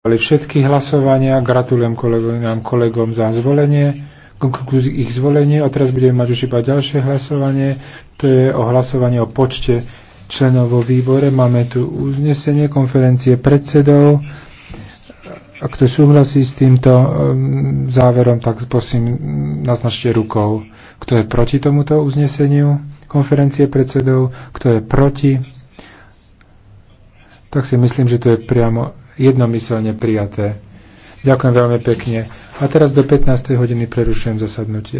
boli všetky hlasovania. Gratulujem kolegom, kolegom za zvolenie, ich zvolenie. A teraz budeme mať už iba ďalšie hlasovanie. To je o hlasovanie o počte členov vo výbore. Máme tu uznesenie konferencie predsedov. A kto súhlasí s týmto um, záverom, tak prosím, naznačte rukou. Kto je proti tomuto uzneseniu konferencie predsedov, kto je proti, tak si myslím, že to je priamo jednomyselne prijaté. Ďakujem veľmi pekne. A teraz do 15. hodiny prerušujem zasadnutie.